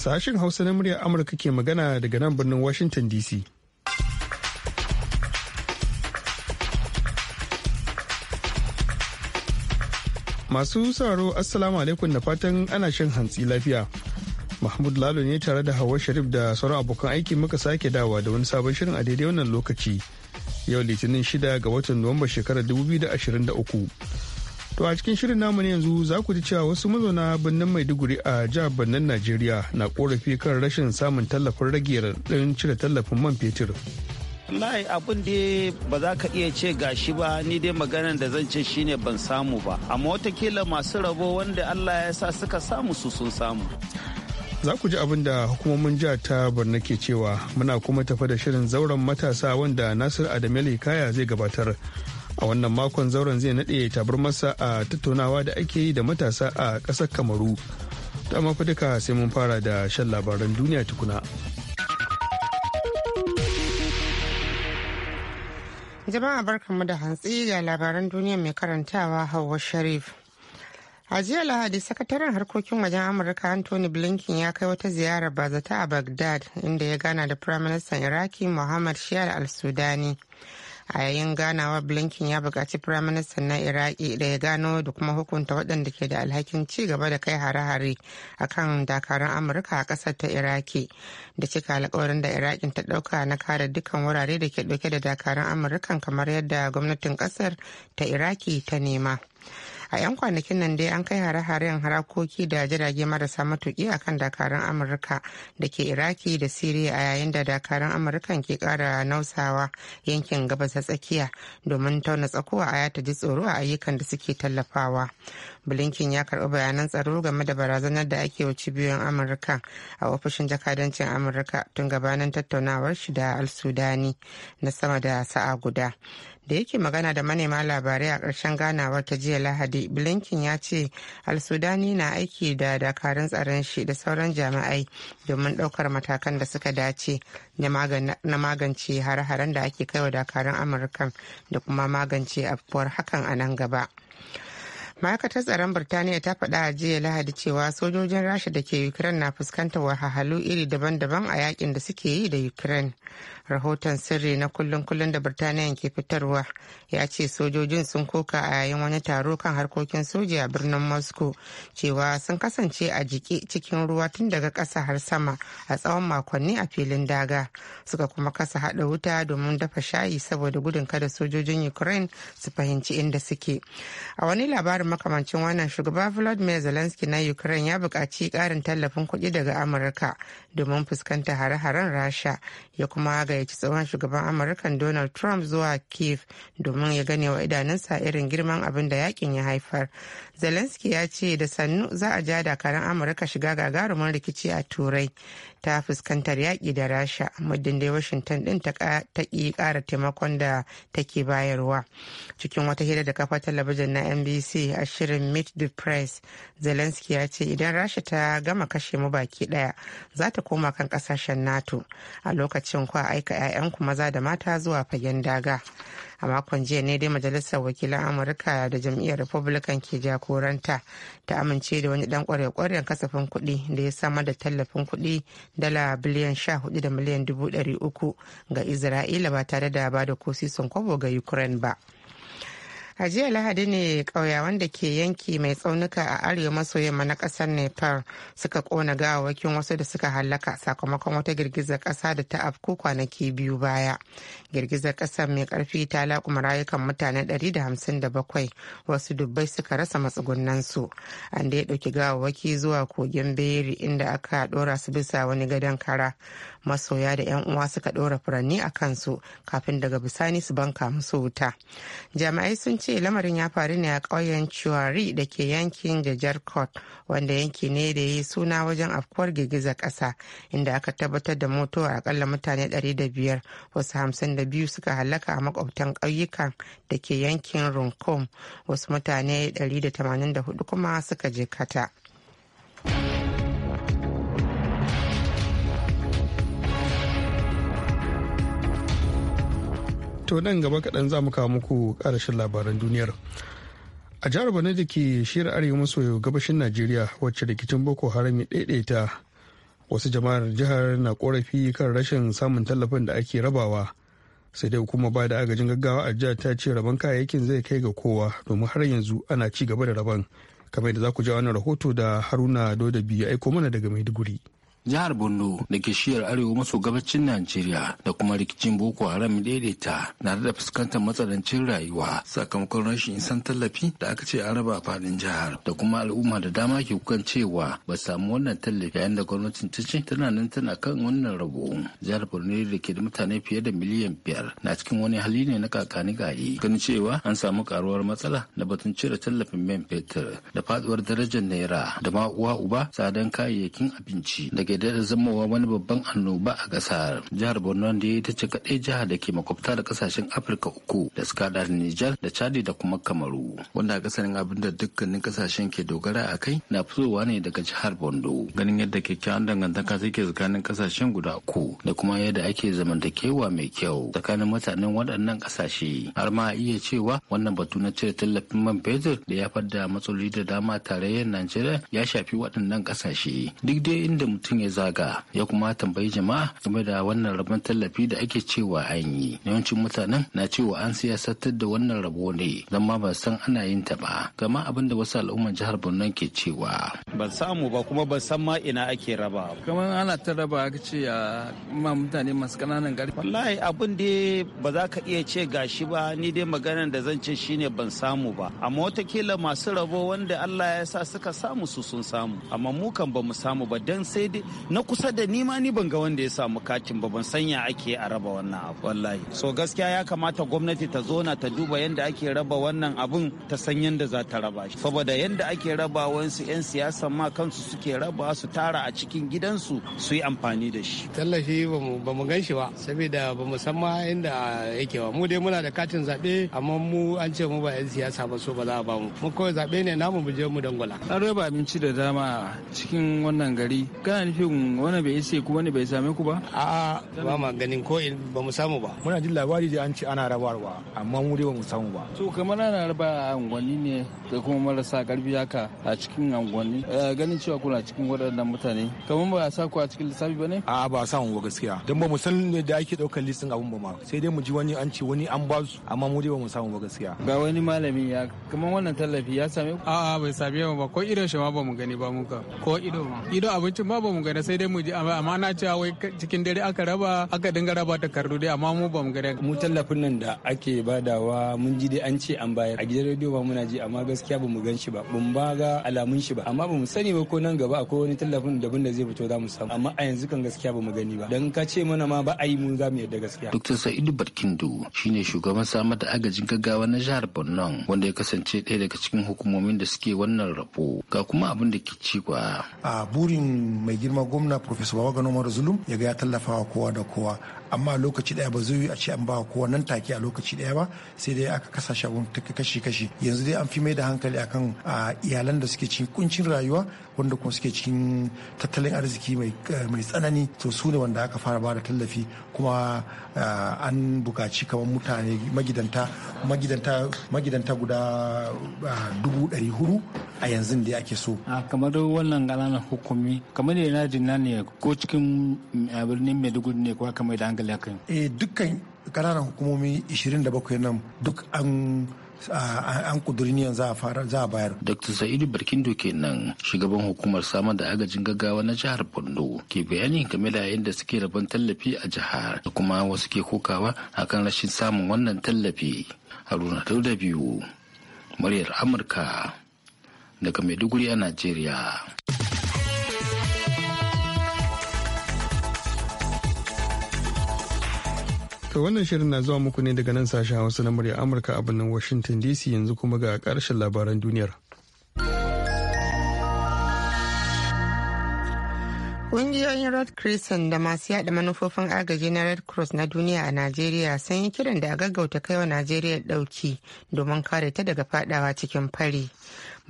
Sashen Hausa na muryar Amurka ke magana daga nan birnin Washington DC. Masu sauraro Assalamu alaikum na fatan ana shan hantsi lafiya. Mahmud Lalo ne tare da Hawa Sharif da sauran abokan aiki muka sake dawa da wani sabon shirin a daidai wannan lokaci. Yau Litinin 6 ga watan Nuwamba shekarar 2023. To a cikin shirin namu yanzu za ku ji cewa wasu mazauna birnin Maiduguri a jihar Bannan Najeriya na korafi kan rashin samun tallafin rage raɗin cire tallafin man fetur. Lai abin da ba za ka iya ce gashi ba ni dai maganar da zan ce shine ban samu ba amma watakila masu rabo wanda Allah ya sa suka samu su sun samu. Za ku ji abin da hukumomin jihar ta Borno ke cewa muna kuma tafa da shirin zauren matasa wanda Nasir Adamele Kaya zai gabatar. a wannan makon zauren zai naɗe tabarmarsa a tattaunawa da ake yi da matasa a ƙasar kamaru ta mafi duka sai mun fara da shan labaran duniya tukuna jama'a barkanmu da hantsi ga labaran duniya mai karantawa hawa sharif a jiya lahadi sakataren harkokin wajen amurka anthony blinken ya kai wata ziyarar bazata a bagdad inda ya gana da firaministan iraki muhammad shiyar al-sudani a yayin ganawa blinken ya buƙaci firaministan na iraki da ya gano da kuma hukunta waɗanda ke da alhakin ci gaba da kai hare-hare a kan dakarun amurka a ƙasar ta iraki da cika alkawarin da iraki ta ɗauka na kare dukkan wurare da ke ɗauke da dakarun amurkan kamar yadda gwamnatin ƙasar ta iraki ta nema a 'yan kwanakin nan dai an kai hare-haren harakoki da jirage marasa matuki a kan dakarun amurka da ke iraki da siriya a yayin da dakarun amurkan ke kara nausawa yankin gabas tsakiya domin tauna tsakuwa a ya ta ji tsoro a ayyukan da suke tallafawa blinken ya karbi bayanan tsaro game da barazanar da ake wa cibiyoyin amurka a ofishin jakadancin amurka tun gabanin tattaunawar shi da al sudani na sama da sa'a guda da yake magana da manema labarai a ƙarshen ganawar ta jiya lahadi blinken ya ce al-sudani na aiki da dakarun tsaron shi da sauran jami'ai domin ɗaukar matakan da suka dace na magance har-haren da ake kaiwa dakarun amurka da kuma magance afuwar hakan a nan gaba. ma'aikatar tsaron birtaniya ta faɗa a jiya lahadi cewa sojojin rasha da ke ukraine na fuskantar wahalhalu iri daban-daban a yakin da suke yi da ukraine rahoton sirri na kullun kullun da birtaniya ke fitarwa ya ce sojojin sun koka a yayin wani taro kan harkokin soja a birnin moscow cewa sun kasance a jiki cikin ruwa tun daga ƙasa har sama a tsawon makonni a filin daga suka kuma kasa haɗa wuta domin dafa shayi saboda gudun kada sojojin ukraine su fahimci inda suke a wani labarin makamancin wannan shugaba vladimir zelensky na ukraine ya buƙaci ƙarin tallafin kuɗi daga amurka domin fuskanta hare-haren rasha ya kuma kuma gayyaci tsohon shugaban amurka donald trump zuwa kiev domin ya gane wa idanunsa irin girman abin da yakin ya haifar zelensky ya ce da sannu za a ja dakarun amurka shiga gagarumin rikici a turai ta fuskantar yaƙi da rasha muddin dai washington din ta ƙi ƙara taimakon da take bayarwa cikin wata hira da kafa talabijin na nbc a shirin meet the press zelensky ya ce idan rasha ta gama kashe mu baki ɗaya za ta koma kan ƙasashen nato a lokacin ku a aika ku maza da mata zuwa fagen daga a makon jiya ne dai majalisar wakilan amurka da jam'iyyar republican ke jagoranta ta amince da wani dan kware-kwaren kasafin kuɗi da ya samar da tallafin kuɗi dala biliyan sha hudu da miliyan dubu ɗari uku ga isra'ila ba tare da ba da sun kwabo ga ukraine ba. a jiya lahadi ne ƙauya wanda ke yanki mai tsaunuka a arewa maso yamma na ƙasar nepal suka ƙona gawawakin wasu da suka hallaka sakamakon wata girgizar ƙasa da ta afku kwanaki biyu baya girgizar ƙasar mai ƙarfi ta laƙuma rayukan mutane 157 wasu dubbai suka rasa matsugunansu an da ya ɗauki gawawaki zuwa kogin beri inda aka ɗora su bisa wani gadon kara masoya da 'yan uwa suka ɗora furanni a kansu kafin daga bisani su banka musu wuta jami'ai sun ce lamarin ya faru ne a ƙauyen ciwari da ke yankin jajarkot wanda yanki ne da ya yi suna wajen afkuwar girgizar ƙasa inda aka tabbatar da a akalla mutane 500 wasu 52 suka halaka a makwabtan ƙauyukan da ke yankin runcom wasu mutane 184 kuma suka jikata. to nan gaba kaɗan za mu kawo muku ƙarashin labaran duniyar a jihar bana da ke shiyar arewa maso gabashin najeriya wacce rikicin boko haram ya ɗaiɗaita wasu jama'ar jihar na korafi kan rashin samun tallafin da ake rabawa sai dai kuma ba da agajin gaggawa a jihar ta ce rabon kayayyakin zai kai ga kowa domin har yanzu ana ci gaba da rabon kamar da za ku ja wani rahoto da haruna dodabi ya aiko mana daga maiduguri jihar Borno da ke shiyar arewa maso gabacin Najeriya da kuma rikicin Boko Haram daidaita na da fuskantar matsalancin rayuwa sakamakon rashin isan tallafi da aka ce an raba fadin jihar da kuma al'umma da dama ke kukan cewa ba samu wannan tallafi yayin da gwamnatin ta ce tana nan tana kan wannan rabo. Jihar Borno da ke da mutane fiye da miliyan biyar na cikin wani hali ne na kakani gaye ganin cewa an samu karuwar matsala na batun cire tallafin man fetur da faduwar darajar naira da ma uwa uba tsadan kayayyakin abinci daga ke da zamowa wani babban annoba a ƙasar. Jihar Borno da ta ce kaɗai jihar da ke makwabta da ƙasashen Afirka uku da suka da Nijar da Chadi da kuma Kamaru. Wanda a ƙasar abin da dukkanin ƙasashen ke dogara a kai na fitowa ne daga jihar Bondo. Ganin yadda kyakkyawan dangantaka take tsakanin ƙasashen guda uku da kuma yadda ake zamantakewa mai kyau tsakanin mutanen waɗannan ƙasashe. Har ma iya cewa wannan batu na cire tallafin man fetur da ya fadda matsaloli da dama tarayyar Najeriya ya shafi waɗannan ƙasashe. Duk dai inda mutum ya zaga ya kuma tambayi jama'a game da wannan rabon tallafi da ake cewa an yi yawancin mutanen na cewa an siyasantar da wannan rabo ne don ma ban san ana yin ta ba gama abin da wasu al'umman jihar borno ke cewa ban samu ba kuma ban san ma ina ake raba kamar ana ta raba ka ce a ma mutane masu kananan gari wallahi abin da ba za ka iya ce gashi ba ni dai maganar da zan ce shine ban samu ba amma watakila masu rabo wanda Allah ya sa suka samu su sun samu amma mu kan ba mu samu ba don sai dai na kusa da ni ma ni ban ga wanda ya samu katin ba ban sanya ake a raba wannan abu wallahi so gaskiya ya kamata gwamnati ta zona ta duba yadda ake raba wannan abun ta san yanda za ta raba shi saboda yadda ake raba wasu 'yan siyasa ma kansu suke raba su tara a cikin gidansu su yi amfani da shi tallafi ba mu gan shi ba saboda ba mu san ma inda yake ba mu dai muna da katin zaɓe amma mu an ce mu ba 'yan siyasa ba so ba za a ba mu mu kawai zaɓe ne namu mu je mu dangwala an raba abinci da dama cikin wannan gari kana nufin wani bai isa ku wani bai same ku ba a'a ba ma ganin ko ba mu samu ba muna jin labari da an ce ana rabarwa amma mu dai ba mu samu ba to kamar ana raba angwani ne da kuma marasa karfi haka a cikin angwani eh, ganin cewa kuna cikin waɗannan mutane kamar ba a sa ku a cikin lissafi ba ne a'a ba a samu ba gaskiya don ba mu san da ake ɗaukar listin abun ba ma sai dai mu ji wani an ce wani an ba su amma mu dai ba mu samu ba gaskiya ga wani malami ya kamar wannan tallafi ya same ku a'a bai same mu ba ko ido shi ma ba mu gani ba ka ko ido ma ido abincin ma ba mu gani gada sai dai mu ji amma na cewa wai cikin dare aka raba aka dinga raba takardu dai amma mu bamu mu gada mu tallafin nan da ake badawa mun ji dai an ce an bayar a gidan rediyo ba muna ji amma gaskiya ba mu gan shi ba mun ba ga alamun shi ba amma ba sani ba ko nan gaba akwai wani tallafin bin da zai fito za mu samu amma a yanzu kan gaskiya ba mu gani ba dan ka ce mana ma ba a yi mun za mu yarda gaskiya Dr. Sa'idu Barkindo shine shugaban samar da agajin gaggawa na jihar Borno wanda ya kasance ɗaya daga cikin hukumomin da suke wannan rabo ga kuma abin da ke ci a burin mai girma kuma gwamna professor babaga noma zulum ya ga ya tallafa wa kowa da kowa amma lokaci daya ba zai a ce an ba kowa nan take a lokaci daya ba sai dai aka kasa shagun kashi kashi yanzu dai an fi mai da hankali akan iyalan da suke cikin kuncin rayuwa wanda kuma suke cikin tattalin arziki mai tsanani to su ne wanda aka fara ba da tallafi kuma an buƙaci kamar mutane magidanta magidanta magidanta guda dubu ɗari hudu a yanzu da ake so kamar wannan ƙananan hukumi kamar da dajin nan ne ko cikin mm, birnin maiduguri ne ko aka mai da hankali kan eh dukkan kananan hukumomi 27 nan duk an an kudurniyan za a fara za a bayar. Dr. Sa'idu Barkindo kenan shugaban hukumar samar da agajin gaggawa na jihar Borno ke bayani game da yadda suke rabon tallafi a jihar da kuma wasu ke kokawa akan rashin samun wannan tallafi. Haruna da biyu muryar Amurka daga Maiduguri a Najeriya. To wannan shirin na zuwa muku ne daga nan sashen Hausa na murya Amurka a birnin Washington DC yanzu kuma ga karshen labaran duniyar. Ƙungiyoyin Red Crescent da masu yada manufofin agaji na Red Cross na duniya a Najeriya sun yi kiran da a gaggauta kaiwa Najeriya ɗauki domin kare ta daga fadawa cikin fari.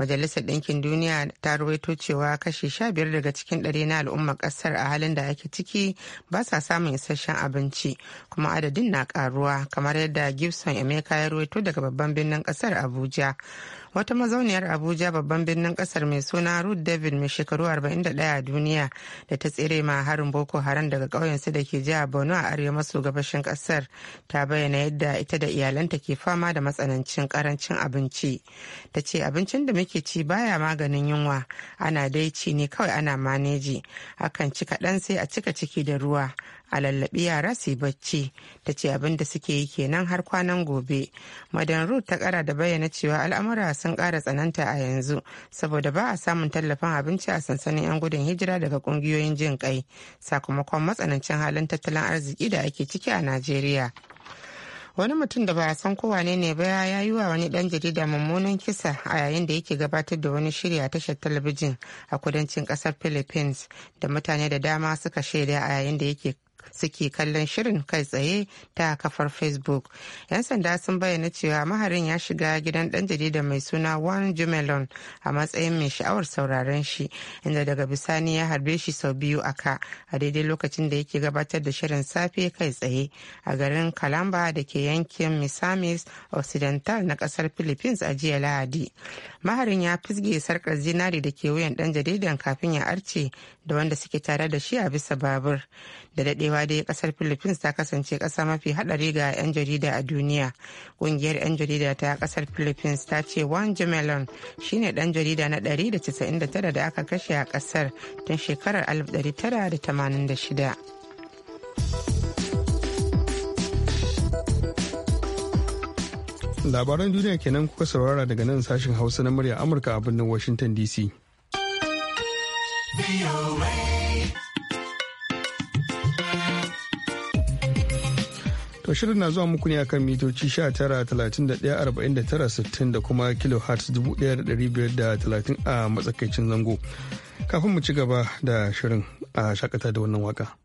majalisar ɗinkin duniya ta ruwaito cewa kashi sha biyar daga cikin ɗari na al'ummar ƙasar a halin da ake ciki ba sa samun isasshen abinci kuma adadin na ƙaruwa kamar yadda gibson emeka ya ruwaito daga babban birnin ƙasar abuja wata mazauniyar abuja babban birnin kasar mai suna ruth david mai shekaru 41 a duniya da ta tsere ma harin boko haram daga ƙauyensu da ke jihar borno a arewa maso gabashin kasar ta bayyana yadda ita da iyalanta ke fama da matsanancin karancin abinci ta ce abincin da muke ci baya maganin yunwa ana dai ci ne kawai ana maneji akan ci kaɗan sai a cika ciki da ruwa a lallabi yara su bacci ta ce abin da suke yi kenan har kwanan gobe madan ruth ta kara da bayyana cewa al'amura sun kara tsananta a yanzu saboda ba a samun tallafin abinci a sansanin 'yan gudun hijira daga kungiyoyin jin kai sakamakon matsanancin halin tattalin arziki da ake ciki a najeriya wani mutum da ba a san kowane ne baya ya yi wa wani dan jarida mummunan kisa a yayin da yake gabatar da wani shirya tashar talabijin a kudancin kasar philippines da mutane da dama suka shaida a yayin da yake suke kallon shirin kai tsaye ta kafar facebook yan sanda sun bayyana cewa maharin ya shiga gidan dan jarida mai suna wan jumelon a matsayin mai sha'awar sauraren shi inda daga bisani ya harbe shi sau biyu aka a daidai lokacin da yake gabatar da shirin safe kai tsaye a garin kalamba da ke yankin misamis occidental na kasar philippines a jiya lahadi maharin ya fisge sarkar zinari da ke wuyan dan jaridan kafin ya arce da wanda suke tare da shi a bisa babur da dadewa dai kasar philippines ta kasance kasa mafi hadari ga 'yan jarida a duniya kungiyar 'yan jarida ta kasar philippines ta ce juan jamelon shine dan jarida na 199 da aka kashe a kasar tun shekarar 1986 labaran duniya kenan kuka saurara daga nan sashen hausa na murya amurka a birnin washington dc. To shirin na zuwa muku ne akan mitoci 19,31,49,60 da kuma kilohertz 1,530 a matsakaicin zango. Kafin mu ci gaba da shirin a shakata da wannan waka.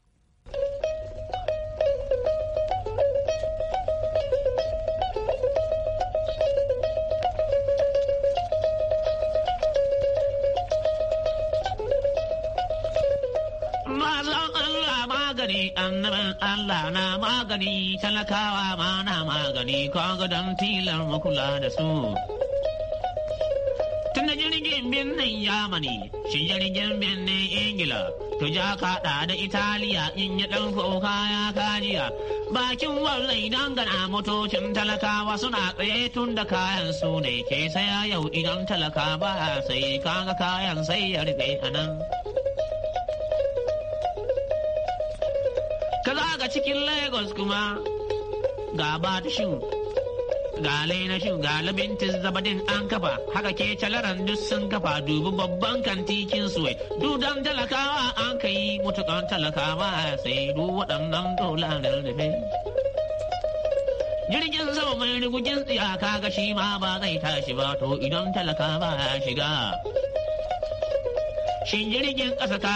annabin Allah na magani talakawa ma na magani kaga don tilar makula da su. Tun da jirgin birnin Yamani, shi jirgin birnin Ingila, to ja kaɗa da Italiya in yi ɗan kuka ya kajiya. Bakin wallai dangana motocin talakawa suna tsaye tun da kayan su ne ke saya yau idan talaka ba sai kaga kayan sai ya rufe a nan. cikin Lagos kuma ga batushin ga laina lainashin ga labintin zabadin an kafa haka ke calaran duk sun kafa dubi babban kin kantikin suwai dudan talakawa an ka yi mutukan talakawa sai du waɗannan dolarar da jirgin sama mai rigujin tsiyaka ga shi ma ba zai tashi ba to idan talakawa ya shiga shin jirgin ƙasa ta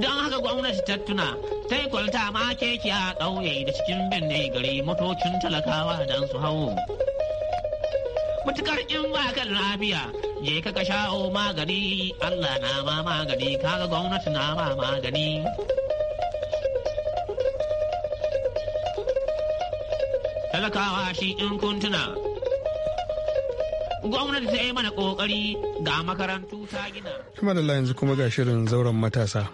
don haka gwamnati ta tuna ta yi kwalta ma keke a ƙauye da cikin birni gari motocin talakawa don su hau mutukar in ba kan lafiya je ka ka sha'o magani allah na ma magani kaga gwamnati na ma magani talakawa shi in tuna. gwamnati ta yi mana ƙoƙari ga makarantu ta gina kuma da yanzu kuma ga shirin zauren matasa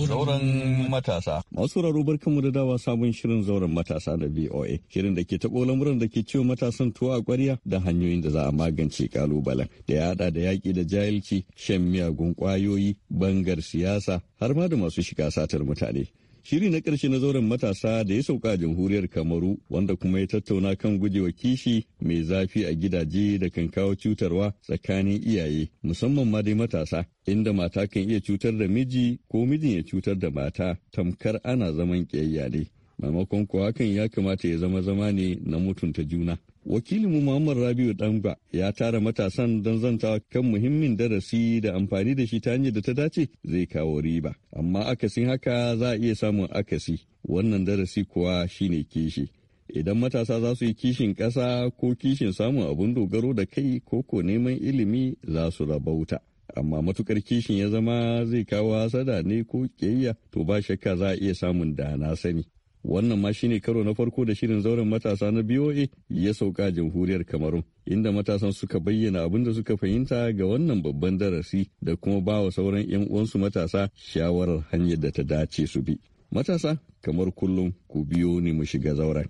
Zauren matasa. Masu raro barkanmu da dawa sabon shirin zauren matasa da VOA. Shirin da ke taɓo lamuran da ke ciwo matasan tuwa a ƙwarya da hanyoyin da za a magance kalubalen da ya haɗa da yaƙi da jahilci, shan miyagun ƙwayoyi, bangar siyasa, har ma da masu shiga satar mutane. shiri na ƙarshe na zauren matasa da ya sauka a jamhuriyar kamaru wanda kuma ya tattauna kan gujewa kishi mai zafi a gidaje da kan kawo cutarwa tsakanin iyaye musamman ma dai matasa inda mata kan iya cutar da miji ko mijin ya cutar da mata tamkar ana zaman ƙiyayya ne maimakon kuwa hakan ya kamata ya zama zama ne na mutunta juna Wakilinmu Muhammad Rabiu Dangba ya tara matasan don zantawa kan muhimmin darasi da amfani da shi ta hanyar da ta dace zai kawo riba. Amma akasin haka za a iya samun akasi. Wannan darasi kuwa shine kishi. Idan matasa za su yi kishin ƙasa ko kishin samun abun dogaro da kai ko ko neman ilimi za su rabauta. Amma matukar kishin ya zama zai kawo hasada ne ko ƙiyayya to ba shakka za a iya samun da na sani. wannan ma shine karo na farko da shirin zauren matasa na BOA ya sauka jamhuriyar Kamarun inda matasan suka bayyana abin da suka fahimta ga wannan babban darasi da kuma ba wa sauran 'yan uwansu matasa shawarar hanyar da ta dace su bi. Matasa kamar kullum ku biyo ni mu shiga zauren.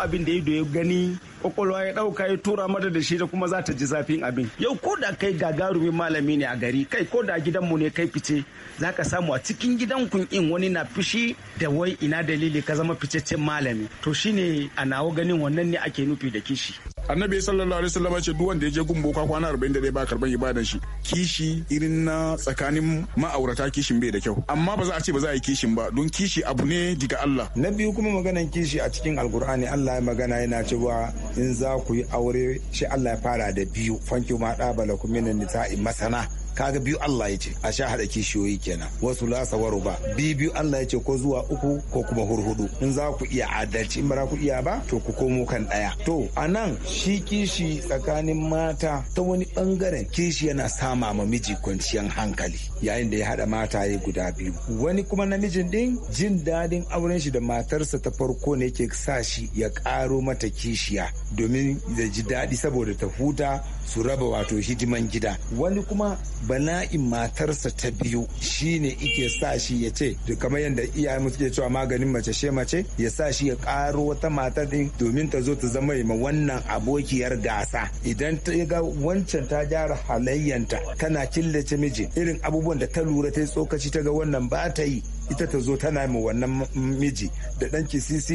abin da ido ya gani kwakwalwa ya dauka ya tura mata da shi da kuma za ta ji zafin abin yau ko da kai gagarumin malami ne a gari kai ko da gidanmu ne kai fice za ka samu a cikin gidan kun in wani na fishi da wai ina dalili ka zama ficeccen malami to shine a nawo ganin wannan ne ake nufi da kishi annabi sallallahu alaihi wasallam ce duk wanda ya je gun boka kwana 41 ba karban ibadan shi kishi irin na tsakanin ma'aurata kishin bai da kyau amma ba za a ce ba za a yi kishin ba don kishi abu ne daga Allah na biyu kuma maganan kishi a cikin alkur'ani Allah ya magana yana cewa in za ku yi aure shi Allah ya fara da biyu fanki ma da balakum minan nisa'i masana kaga biyu Allah ya ce a sha hada kishiyoyi kenan wasu lasa waro ba biyu biyu Allah ya ce ko zuwa uku ko kuma hurhudu in za ku iya adalci in ba ku iya ba to ku komo kan daya to a nan shi kishi tsakanin mata ta wani ɓangaren kishi yana sama ma miji kwanciyan hankali yayin da ya hada mata ya guda biyu wani kuma namijin ɗin jin daɗin auren shi da matarsa ta farko ne ke sa shi ya ƙaro mata kishiya domin ya ji daɗi saboda ta huta su raba wato hidiman gida wani kuma bana'in matarsa ta biyu shine ike sa shi ya ce kamar yadda iyayen suke cewa maganin mace she mace ya sa shi ya karo wata mata din domin ta zo ta zama ma wannan abokiyar gasa idan ta ga wancan ta gyara halayyanta tana killace miji irin abubuwan da ta lura ta yi tsokaci ta ga wannan ba ta yi ita ta zo tana ma wannan miji da dan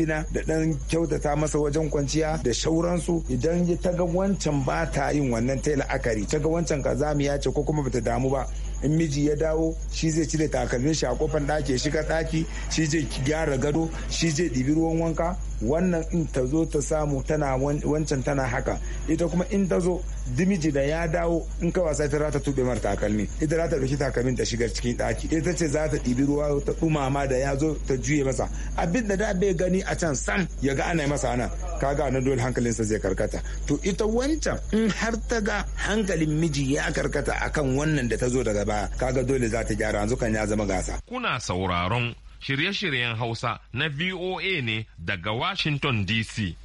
na da dan kyautata masa wajen kwanciya da shauransu idan ta ga wancan ba ta yin wannan ta yi la'akari ta ga wancan kazamiya ce ko kuma bata damu ba in miji ya dawo shi zai cire takalmin shi a kofan ɗaki ya shiga ɗaki shi zai gyara gado shi zai ɗibi ruwan wanka wannan in ta zo ta samu tana wancan tana haka ita kuma in ta zo dimiji da ya dawo in ka wasa ita ta tube mara takalmi ita za ta ɗauki takalmin ta shigar cikin ɗaki ita ce za ta ɗibi ruwa ta ɗumama da ya zo ta juye masa abin da bai gani a can sam ya ga ana masa ana kaga na dole hankalinsa zai karkata to ita wancan in har ta ga hankalin miji ya karkata akan wannan da ta zo daga ba kaga dole za ta gyara yanzu ya zama gasa kuna sauraron shirye-shiryen hausa na voa ne daga washington dc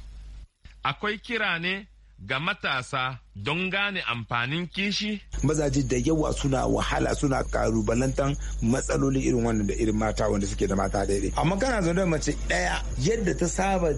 akwai kira ne ga matasa don gane amfanin kishi? Mazaji da yawa suna wahala suna karubalantan matsaloli irin wannan da irin mata wanda suke da mata daidai. Amma kana zaune mace ɗaya yadda ta saba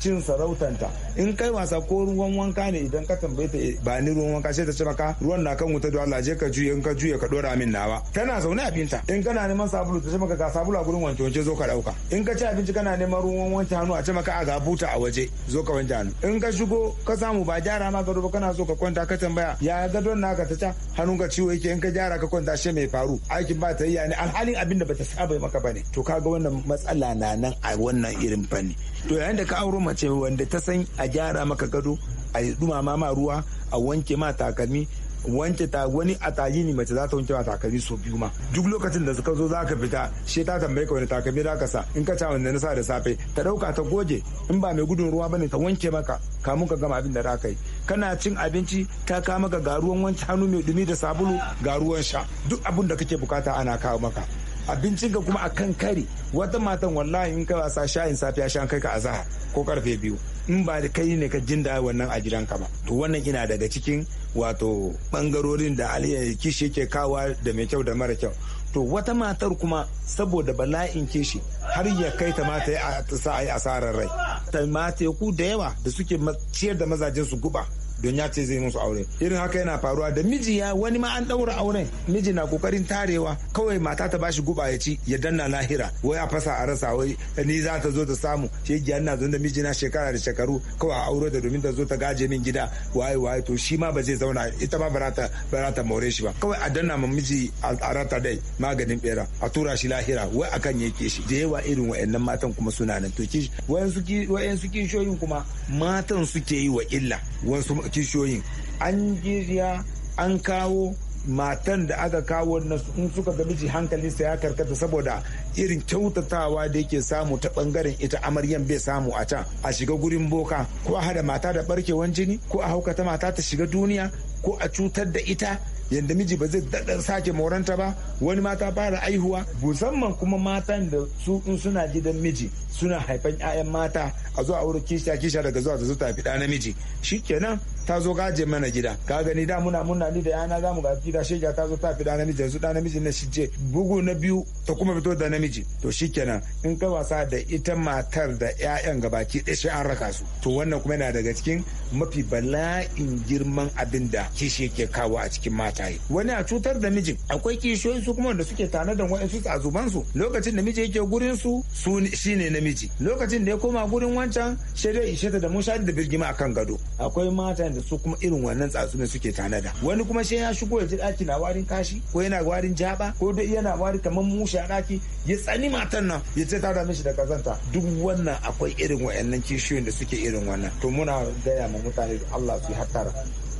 cin sarautanta in kai wasa ko ruwan wanka ne idan ka tambaye ta eh, ba ni ruwan wanka sai ta ce maka ruwan na kan wuta da Allah je ka juye in ka juye ka dora min nawa. Tana zaune a binta in kana neman sabulu ta ce maka ga sabulu a gurin wanke wanke zo ka dauka. In ka ci abinci kana neman ruwan wanke hannu a ce maka a ga buta a waje zo ka wanke hannu. In ka shigo ka samu ba gyara ma ka ba kana so ka kwanta ka tambaya ya gadon naka ta ta hannun ka ciwo yake in ka gyara ka kwanta shi mai faru aikin ba ta yi yani alhalin abin da bata saba maka bane to kaga wannan matsala na nan a wannan irin fanni to yayin da ka auro mace wanda ta san a gyara maka gado a dumama ma ruwa a wanke ma takalmi wanke ta wani a ne mace za ta wanke ma takalmi so biyu ma duk lokacin da suka zo za ka fita she ta tambaye ka wani takalmi za ka sa in ka ca wanda na sa da safe ta dauka ta goge in ba mai gudun ruwa bane ta wanke maka kamun ka gama abin da za ka yi kana cin abinci ta kama maka ga wanke hannu mai dumi da sabulu ga sha duk abin da kake bukata ana kawo maka abincin ka kuma a kan kari wata matan wallahi in ka wasa shayin safiya shan kai ka azahar ko karfe biyu in ba da kai ne ka jin da wannan a gidanka ba to wannan ina daga cikin wato bangarorin da eh, kishi ke kawa da mai kyau da mara kyau to wata matar kuma saboda bala'in kishi har ya kai ta mata ya sa a yi asarar rai ta mata ku da yawa da suke ciyar da mazajen su guba don ya ce zai musu aure irin haka yana faruwa da miji ya wani ma an daura auren miji na kokarin tarewa kawai mata ta bashi guba ya ci ya danna lahira wai a fasa a rasa wai ni za ta zo ta samu shi giyan na zan da miji na shekara da shekaru kawai a aure da domin ta zo ta gaje min gida waye waye to shi ma ba zai zauna ita ma barata barata more shi ba kawai a danna ma miji a rata dai maganin bera a tura shi lahira wai akan yake shi da yawa irin wayannan matan kuma suna nan to ki su ki wayansu shoyin kuma matan suke yi wa illa wasu kishiyoyin an jiriya an kawo matan da aka kawo in suka ga miji hankalinsa ya karkata saboda irin kyautatawa da yake samu ta bangaren ita amaryan bai samu a can a shiga gurin boka ko a hada mata da barkewan jini ko a haukata mata ta shiga duniya ko a cutar da ita yadda miji ba zai daɗa sake moranta ba wani mata fara aihuwa musamman kuma matan da su in suna gidan miji suna haifan 'ya'yan mata a zuwa wurin kisha kisha daga zuwa zuwa tafi ɗa namiji shikenan ta zo gaje mana gida ka gani da muna muna ni da yana zamu ga gida shi ta zo ta ɗa namiji yanzu ɗa namiji na shije bugu na biyu ta kuma fito da namiji to shikenan in ka wasa da ita matar da 'ya'yan gabaki ɗaya shi an raka su to wannan kuma yana daga cikin mafi bala'in girman abinda. kishi yake kawo a cikin mataye wani a cutar da mijin akwai kishiyoyin su kuma wanda suke tanadan wa'insu a su lokacin da miji yake gurin su su shine namiji lokacin da ya koma gurin wancan shi dai ishe ta da mushari da birgima a kan gado akwai mata da su kuma irin wannan tsatsu ne suke da wani kuma shi ya shigo ya ji daki na warin kashi ko yana warin jaba ko dai yana wari kamar musha daki ya tsani matan nan ya ce ta mishi da kazanta duk wannan akwai irin wayannan kishiyoyin da suke irin wannan to muna gaya ma mutane Allah su yi hattara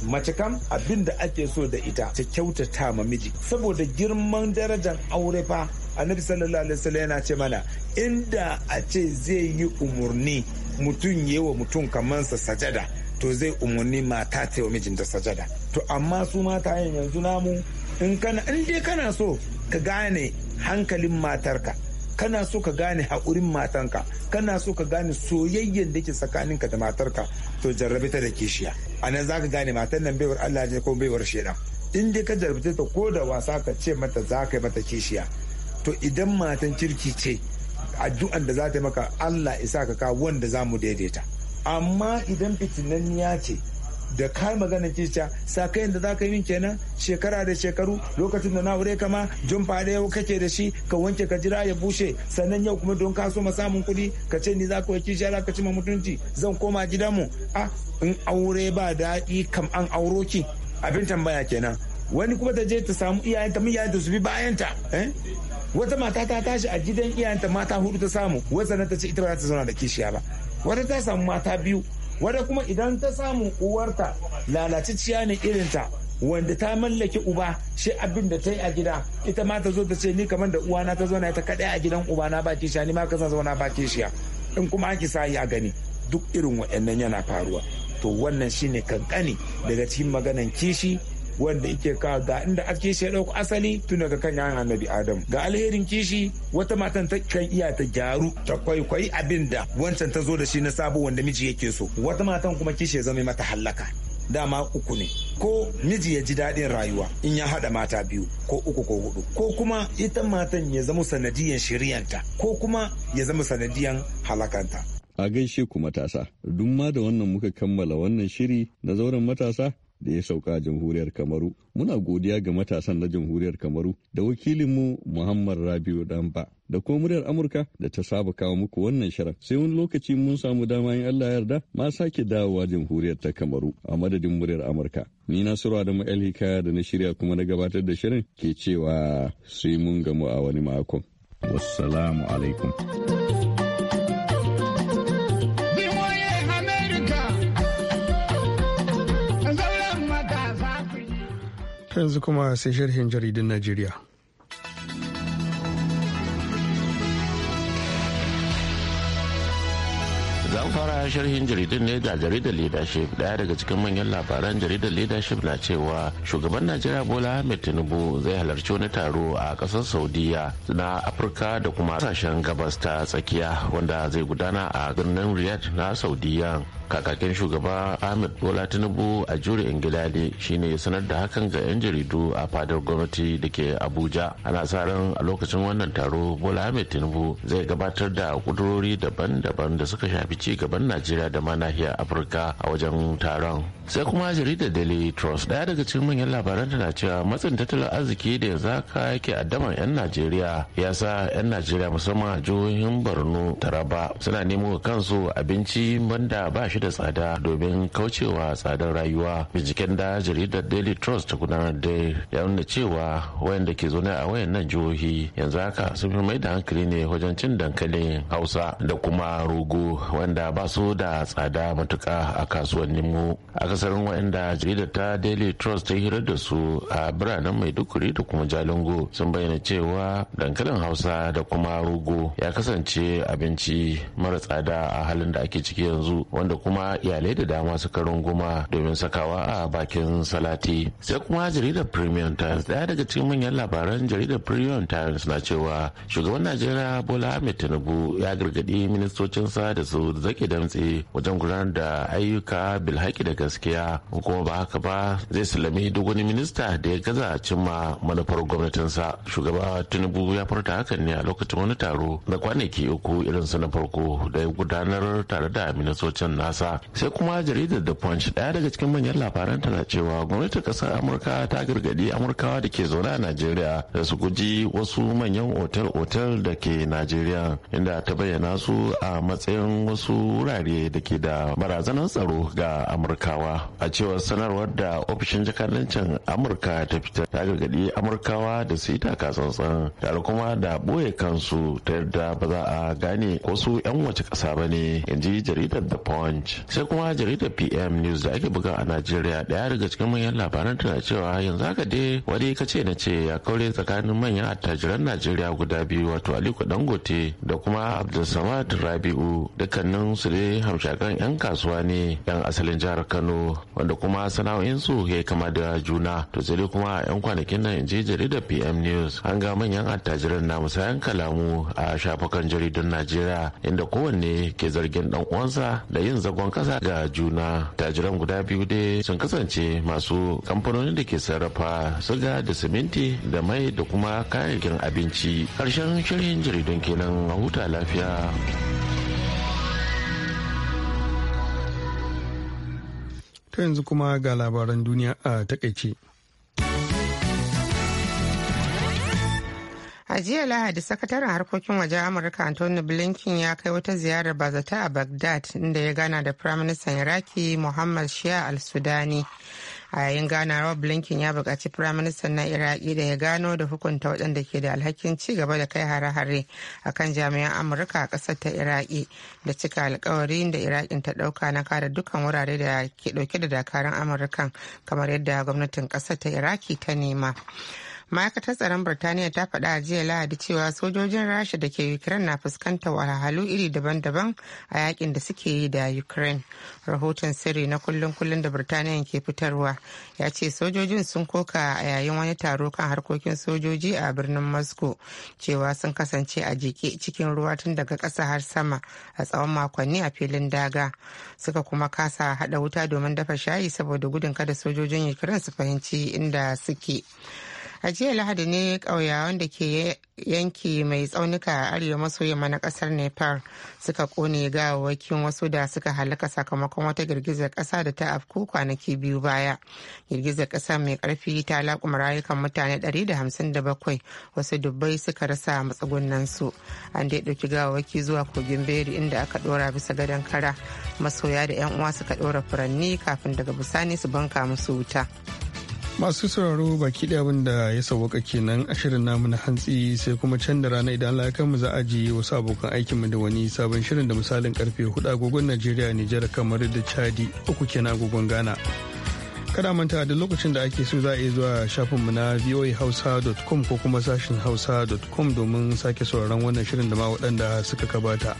mace kam abin da ake so da ita ta kyautata ma miji saboda girman darajar aure fa annabi sallallahu alaihi wasallam yana ce mana inda a ce zai yi umurni mutum yi wa mutum kamansa sajada to zai umarni mata ta wa da sajada to amma su mata yanzu namu in kana in dai kana so ka gane hankalin matarka kana so ka gane haƙurin matanka kana so ka gane soyayyen da ke tsakaninka da matarka to jarrabe ta da kishiya a nan za ka gane matan nan baiwar Allah ne ko baiwar shedan in dai ka jarrabe ta ko da wasa ka ce mata za ka yi mata kishiya to idan matan kirki ce addu'an da za ta yi maka Allah isa ka kawo wanda za mu daidaita amma idan fitinanniya ce da kai magana ki ta sakayin da zaka yi min kenan shekara da shekaru lokacin da na wure kama jumfa da yau kake da shi ka wanke ka jira ya bushe sannan yau kuma don ka so ma samun kuɗi ka ce ni za ka waki ka ci ma mutunci zan koma gidanmu a in aure ba daɗi kam an auro ki abin tambaya kenan wani kuma ta je ta samu iyayenta mun iyayenta su bi bayanta eh? wata mata ta tashi a gidan iyayenta mata hudu ta samu wata ta ce ita ba za ta zauna da kishiya ba wata ta samu mata biyu wadda kuma idan ta samu uwarta lalaciciya ne irinta wanda ta mallake uba shi abin da ta yi a gida ita ma ta zo ta ce ni kamar da uwana ta zauna ta kaɗai a gidan uba na ba kishiya ni ma ka zan zauna ba kishiya in kuma aki sa yi a gani duk irin waɗannan yana faruwa to wannan shine kankani daga cikin maganan kishi wanda yake ka ga inda ake shi ɗauko asali tun daga kan yayan annabi adam ga alherin kishi wata matan ta kan iya ta gyaru ta kwaikwayi abin da wancan ta zo da shi na sabo wanda miji yake so wata matan kuma kishi ya zama mata hallaka dama uku ne ko miji ya ji daɗin rayuwa in ya haɗa mata biyu ko uku ko hudu ko kuma ita matan ya zama sanadiyan shiryanta ko kuma ya zama sanadiyan halakanta a gaishe ku matasa duk ma da wannan muka kammala wannan shiri na zauren matasa da ya sauka a jamhuriyar kamaru muna godiya ga matasan na jamhuriyar kamaru da wakilinmu muhammad rabiu danba da kuma muryar amurka da ta saba kawo muku wannan shirin sai wani lokaci mun samu dama in allah yarda ma sake dawowa jamhuriyar ta kamaru a madadin muryar amurka ni na sura da hikaya da na shirya kuma na gabatar da shirin ke cewa sai mun gamu a wani makon wassalamu alaikum yanzu kuma sai sharhin jaridun Najeriya. za mu fara sharhin jaridun ne da jaridar leadership daya daga cikin manyan labaran jaridar leadership na cewa shugaban najeriya bola ahmed tinubu zai halarci wani taro a kasar saudiya na afirka da kuma kasashen gabas ta tsakiya wanda zai gudana a birnin riyadh na saudiya kakakin shugaba ahmed bola tinubu a jure ingilali shine sanar da hakan ga 'yan jaridu a fadar gwamnati da ke abuja ana sa ran a lokacin wannan taro bola ahmed tinubu zai gabatar da kudurori daban-daban da suka shafi ci gaban najeriya da ma nahiyar afirka a wajen taron sai kuma jaridar daily trust daya daga cikin manyan labaran tana cewa matsin tattalin arziki da yanzu haka yake addaban 'yan najeriya ya sa 'yan najeriya musamman a jihohin borno taraba suna nemo kansu abinci banda ba shi da tsada domin kaucewa tsadar rayuwa binciken da jaridar daily trust ta gudanar da ya nuna cewa wayanda ke zaune a wayan nan jihohi yanzu haka sun fi mai da hankali ne wajen cin dankalin hausa da kuma rogo waɗanda ba su da tsada matuƙa a kasuwannin mu a kasarin waɗanda jaridar ta daily trust ta hira da su a biranen mai maiduguri da kuma jalingo sun bayyana cewa dankalin hausa da kuma rogo ya kasance abinci mara tsada a halin da ake ciki yanzu wanda kuma iyalai da dama suka runguma domin sakawa a bakin salati sai kuma jaridar premium times daya daga cikin manyan labaran jaridar premium times na cewa shugaban najeriya bola ahmed tinubu ya gargadi ministocinsa da su zaki damtse wajen gudanar da ayyuka bilhaki da gaskiya kuma ba haka ba zai sulami duk wani minista da ya gaza cimma manufar gwamnatinsa shugaba tinubu ya furta hakan ne a lokacin wani taro na kwanaki uku irin su na farko da ya gudanar tare da ministocin nasa sai kuma jaridar da punch daya daga cikin manyan labaran tana cewa gwamnatin kasar amurka ta gargadi amurkawa da ke zaune a najeriya da su guji wasu manyan otal-otal da ke najeriya inda ta bayyana su a matsayin wasu wasu wurare da ke da barazanar tsaro ga amurkawa a cewar sanarwar da ofishin jakadancin amurka ta fitar ta gargaɗi amurkawa da su yi tsantsan tare kuma da boye kansu ta yadda ba za a gane ko su 'yan wace kasa ba ne in ji jaridar the punch sai kuma jaridar pm news da ake buga a najeriya ɗaya daga cikin manyan labaran tana cewa yanzu haka dai wani kace na ce ya kaure tsakanin manyan attajiran najeriya guda biyu wato aliko dangote da kuma abdulsamad rabi'u dukkanin nan su dai hamshakan 'yan kasuwa ne 'yan asalin jihar kano wanda kuma sana'o'insu ya kama da juna to sai dai kuma 'yan kwanakin nan je jaridar pm news an ga manyan attajiran na musayan kalamu a shafukan jaridun najeriya inda kowanne ke zargin dan uwansa da yin zagon kasa ga juna tajiran guda biyu dai sun kasance masu kamfanonin da ke sarrafa suga da siminti da mai da kuma kayayyakin abinci karshen shirin jaridun kenan a huta lafiya. ta yanzu kuma ga labaran duniya a takaice. a jiya lahadi sakataren harkokin wajen amurka anthony blinken ya kai wata ziyarar bazata a baghdad inda ya gana da firaministan iraki muhammad shia al-sudani a yayin ganawar blinken ya buƙaci firaministan na iraki da ya gano da hukunta waɗanda ke da alhakin ci gaba da kai hare-hare a kan jami'an amurka a ƙasar ta iraki da cika alkawarin da irakin ta ɗauka na kare dukkan wurare da ke ɗauke da dakarun amurkan kamar yadda gwamnatin ƙasar ta iraki ta nema ma'aikatar tsaron birtaniya ta faɗa a jiya lahadi cewa sojojin rasha da ke ukraine na fuskantar wahalhalu iri daban-daban a yakin da suke yi da ukraine rahoton sirri na kullum-kullum da birtaniya ke fitarwa ya ce sojojin sun koka a yayin wani taro kan harkokin sojoji a birnin moscow cewa sun kasance a jike cikin ruwa tun daga ƙasa har sama a tsawon makonni a filin daga suka kuma kasa haɗa wuta domin dafa shayi saboda gudun kada sojojin ukraine su fahimci inda suke a jiya lahadi ne kauya da ke yanki mai tsaunuka a arewa maso yamma na ƙasar nepal suka kone wakin wasu da suka halaka sakamakon wata girgizar ƙasa da ta afku kwanaki biyu baya girgizar ƙasa mai ƙarfi ta laƙuma rayukan mutane 157 wasu dubbai suka rasa matsugunan su an dai ɗauki gawawwaki zuwa kogin beri inda aka ɗora bisa gadon kara masoya da 'yan uwa suka ɗora furanni kafin daga bisani su banka musu wuta. masu sauraro baki da abin da ya sauwaka kenan a shirin namu na hantsi sai kuma can da rana idan Allah mu za a ji wasu abokan aikinmu da wani sabon shirin da misalin karfe hudu agogon Najeriya Nijar kamar da Chadi uku kenan agogon Ghana. Kada manta da lokacin da ake so za a iya zuwa shafinmu na voahausa.com ko kuma sashin hausa.com domin sake sauraron wannan shirin da ma waɗanda suka kabata.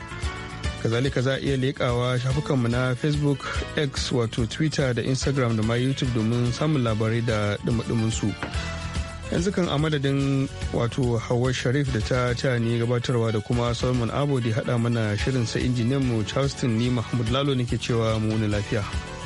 kazalika za a iya leƙawa shafukanmu na facebook x wato twitter da instagram da ma youtube domin samun labarai da dumadumin su yanzu kan a madadin wato hawa sharif da ta ta ne gabatarwa da kuma solomon abu da haɗa mana shirin sa injiniyanmu charleston ni mahmud lalo nake cewa mu lafiya.